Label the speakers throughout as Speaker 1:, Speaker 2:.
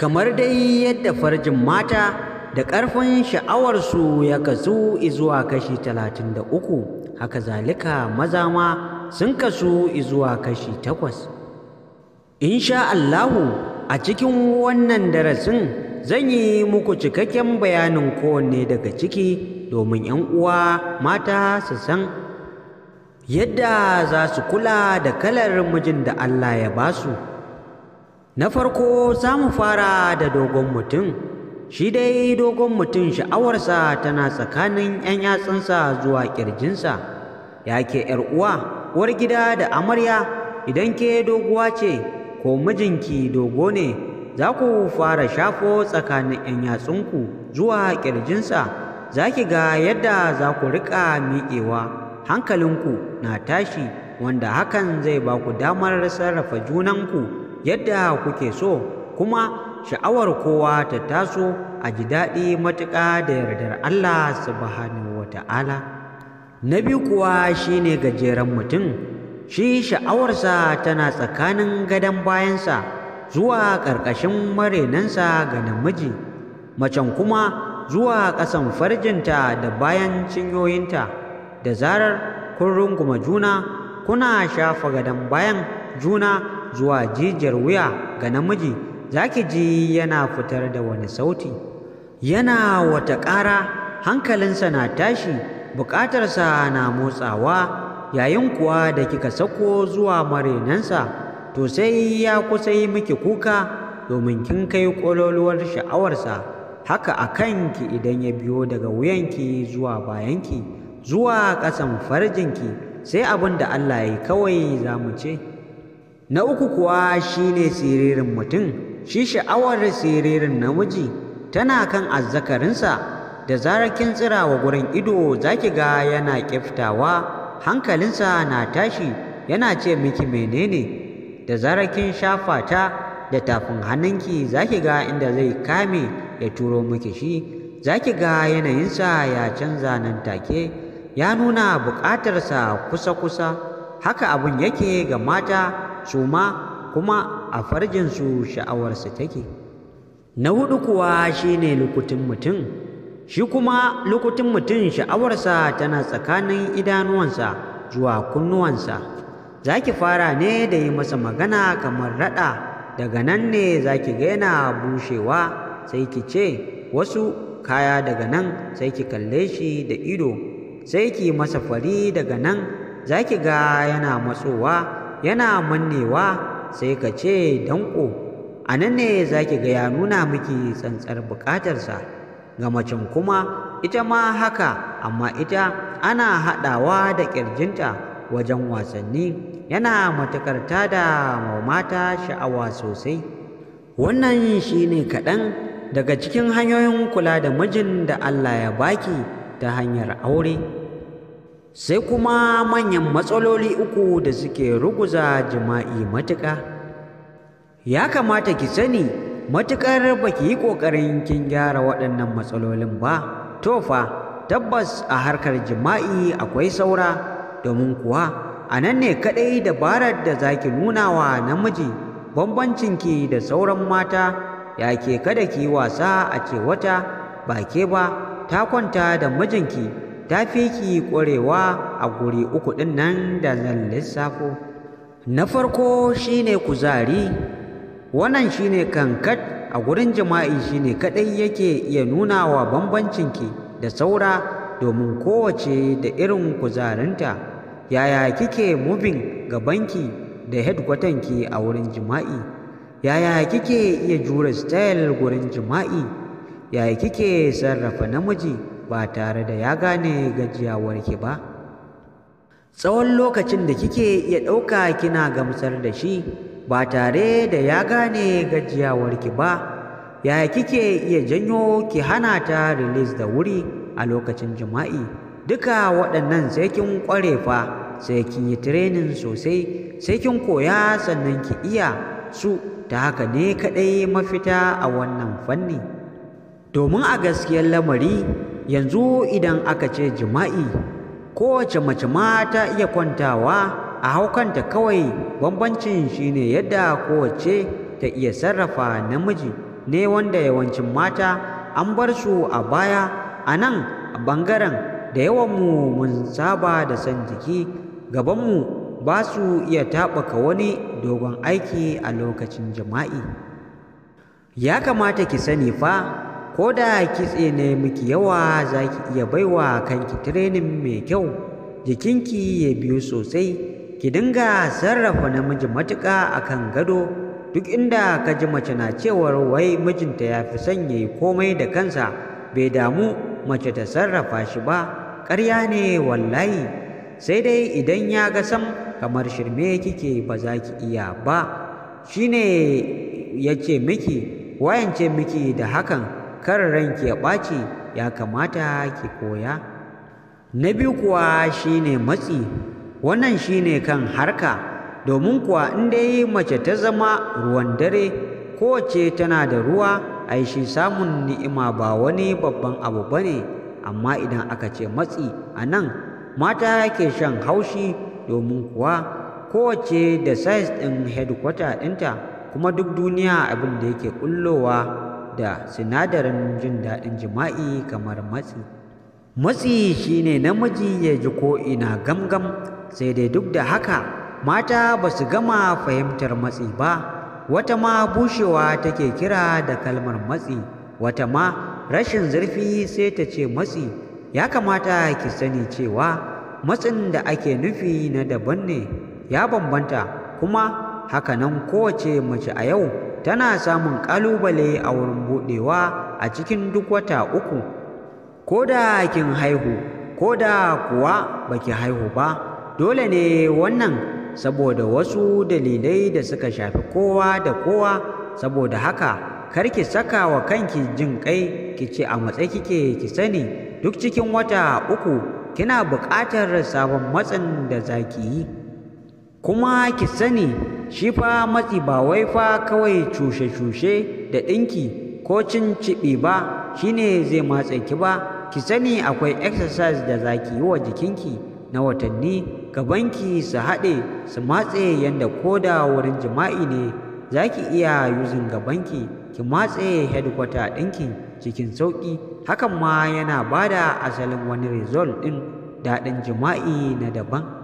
Speaker 1: kamar dai yadda farjin mata da ƙarfin sha'awarsu ya kasu izuwa kashi talatin da uku haka zalika maza ma sun kasu izuwa kashi takwas insha Allahu a cikin wannan darasin zan yi muku cikakken bayanin kowanne daga ciki domin 'yan uwa mata su san yadda za su kula da kalar mijin da Allah ya basu. su Na farko za mu fara da dogon mutum. Shi dai dogon mutum sha'awarsa tana tsakanin 'yan yatsunsa zuwa ƙirjinsa. Yake ke uwa, uwar gida da amarya idan ke doguwa ce ko mijinki dogo ne, za ku fara shafo tsakanin 'yan yatsunku zuwa ƙirjinsa. Za ki ga yadda za ku riƙa miƙewa, hankalinku na tashi wanda hakan zai ba ku damar sarrafa junanku. yadda kuke so kuma sha'awar kowa ta taso a ji daɗi matuƙa da yardar Allah subhanahu wata'ala na biyu kuwa shine gajeren mutum shi sha'awarsa tana tsakanin gadon bayansa zuwa ƙarƙashin marenansa ga namiji macen kuma zuwa ƙasan farjinta da bayan cinyoyinta da zarar kun runguma juna kuna shafa gadon bayan juna zuwa jijiyar wuya ga namiji za ki ji yana fitar da wani sauti yana wata ƙara hankalinsa na tashi buƙatarsa na motsawa yayin kuwa da kika sako zuwa marenansa to sai ya kusa yi miki kuka domin kin kai ƙololuwar sha'awarsa haka a kanki idan ya biyo daga wuyanki zuwa bayanki zuwa ƙasan farjinki sai abin da Allah ya yi kawai za mu ce. na uku kuwa shine siririn mutum shi sha'awar siririn namiji tana kan azzakarinsa da zarar kin tsira wa gurin ido zaki ga yana kiftawa hankalinsa na tashi yana ce miki menene da zarar kin shafa ta da tafin hannunki zaki ga inda zai kame ya turo miki shi zaki ga yanayinsa ya canza nan take ya nuna buƙatarsa kusa-kusa haka abin yake ga mata su ma kuma a farjinsu sha'awarsu take na hudu kuwa shine lukutin mutum shi kuma lukutin mutum sha'awarsa tana tsakanin idanuwansa zuwa kunnuwansa za ki fara ne da yi masa magana kamar raɗa daga nan ne za ki ga yana bushewa sai ki ce wasu kaya daga nan sai ki kalle shi da ido sai ki masa fari daga nan za ki ga yana matsowa yana mannewa sai ka ce danko a nan ne za ki ga ya nuna miki tsantsar bukatarsa ga macen kuma ita ma haka amma ita ana haɗawa da ƙirjinta wajen wasanni yana matuƙar da mata sha'awa sosai wannan shi ne kaɗan daga cikin hanyoyin kula da mijin da Allah ya baki ta hanyar aure. sai kuma manyan matsaloli uku da suke ruguza jima'i matuƙa ya kamata ki sani matuƙar ba ki yi ƙoƙarin kin gyara waɗannan matsalolin ba Tofa, tabbas a harkar jima'i akwai saura domin kuwa a nan ne kaɗai dabarar da za ki nuna wa namiji bambancinki da sauran mata ya ke kada ki yi wasa a ce wata ba ke ba ta kwanta da mijinki ta fi ki ƙwarewa a guri uku ɗin nan da zan lissafo na farko shi shine kuzari wannan shi ne kankat a gurin jima'i shi shine kaɗai yake iya nuna wa bambancinki da saura domin kowace da irin kuzarinta yaya kike mubin gabanki da ki a wurin jima'i yaya kike iya jure style gurin jima'i yaya kike sarrafa namiji ba tare da ya gane gajiyawarki ba tsawon lokacin da kike ya ɗauka kina gamsar da shi ba tare da ya gane gajiyawarki ba Ya kike iya janyo ki hana ta release da wuri a lokacin jima'i duka waɗannan sai kin ƙware fa sai kin yi training sosai sai kin koya sannan ki iya su ta haka ne kaɗai mafita a wannan fanni domin a gaskiyar lamari yanzu idan aka ce jima'i kowace mace ma ta iya kwantawa a haukanta kawai bambancin shine yadda kowace ta iya sarrafa namiji ne wanda yawancin mata an bar su a baya a nan a ɓangaren da yawanmu mun saba da san jiki gabanmu ba su iya taɓaka wani dogon aiki a lokacin jima'i ya kamata ki sani fa ko da kitse ne miki yawa za ki iya baiwa kanki tirenin mai kyau jikinki ya biyu sosai ki dinga sarrafa namiji matuƙa akan gado duk inda ka ji mace na cewar wai mijinta ya fi son ya yi komai da kansa bai damu mace ta sarrafa shi ba ƙarya ne wallahi sai dai idan ya ga sam kamar shirme kike ba za ki iya ba shine ya ce miki wayance miki da hakan kar ranki ya ɓaci ya kamata ki koya na biyu kuwa shine matsi wannan shine kan harka domin kuwa in dai mace ta zama ruwan dare kowace tana da ruwa ai shi samun ni'ima ba wani babban abu bane amma idan aka ce matsi a nan mata ke shan haushi domin kuwa kowace da size ɗin headquarter ɗinta kuma duk duniya abin da yake ƙullowa da sinadarin jin daɗin jima'i kamar matsi matsi shi ne namiji ya ji ko ina gamgam sai dai duk da haka mata ba su gama fahimtar matsi ba wata ma bushewa take kira da kalmar matsi wata ma rashin zurfi sai ta ce matsi ya kamata ki sani cewa matsin da ake nufi na daban ne ya bambanta kuma hakanan kowace mace a yau tana samun ƙalubale a wurin buɗewa a cikin duk wata uku ko da kin haihu ko da kuwa baki haihu ba dole ne wannan saboda wasu dalilai da suka shafi kowa da kowa saboda haka kar ki saka wa kanki jin kai ki ce a matsayi kike ki sani duk cikin wata uku kina buƙatar sabon matsin da za ki yi kuma ki sani shi fa matsi ba wai fa kawai cushe-cushe da ɗinki ko cin ciɓi ba shi ne zai matse ki ba ki sani akwai exercise da za ki yi wa jikinki na watanni gabanki su haɗe su matse yadda ko da wurin jima'i ne za ki iya yuzin gabanki ki matse headquarter ɗinki cikin sauƙi hakan ma yana ba da asalin wani result ɗin daɗin jima'i na daban.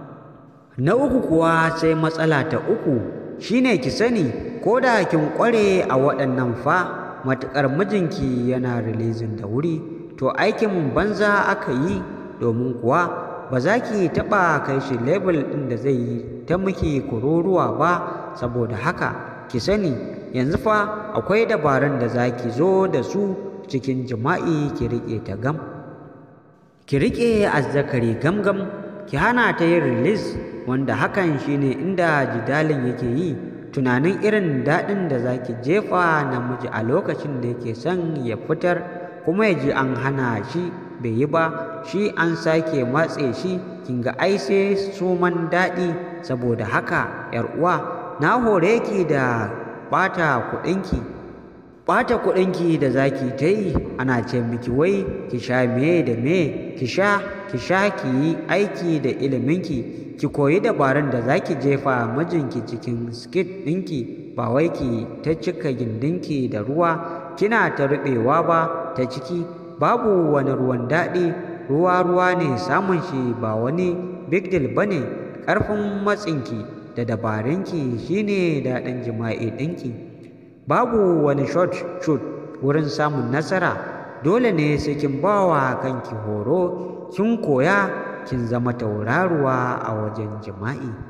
Speaker 1: na uku kuwa sai matsala ta uku shine ki sani ko da kin kware a waɗannan fa matuƙar mijinki yana releasing da wuri to aikin banza aka yi domin kuwa ba za ki taɓa kai shi level ɗin da zai yi ta miki kururuwa ba saboda haka ki sani yanzu fa akwai dabarun da za ki zo da su cikin jima'i ki riƙe ta gam ki riƙe azzakari gam gam ki hana ta yin release wanda hakan shine inda jidalin yake yi tunanin irin daɗin da za ki jefa namiji a lokacin da yake son ya fitar kuma ya ji an hana shi bai yi ba shi an sake matse shi kin ga ai sai suman daɗi saboda haka 'yar uwa na hore ki da ɓata kuɗinki ɓata ki da zaki ta yi ana ce miki wai ki sha me da me ki sha ki sha ki yi aiki da iliminki ki koyi dabarun da zaki jefa mijinki cikin skit ɗinki ba wai ki ta cika gindinki da ruwa kina ta ruɓewa ba ta ciki babu wani ruwan daɗi ruwa ruwa ne samun shi ba wani big deal ba ne ƙarfin matsinki da dabarunki shine daɗin jima'i ɗinki babu wani short shoot wurin samun nasara dole ne sai kin bawa kanki horo kin koya kin zama tauraruwa a wajen jima'i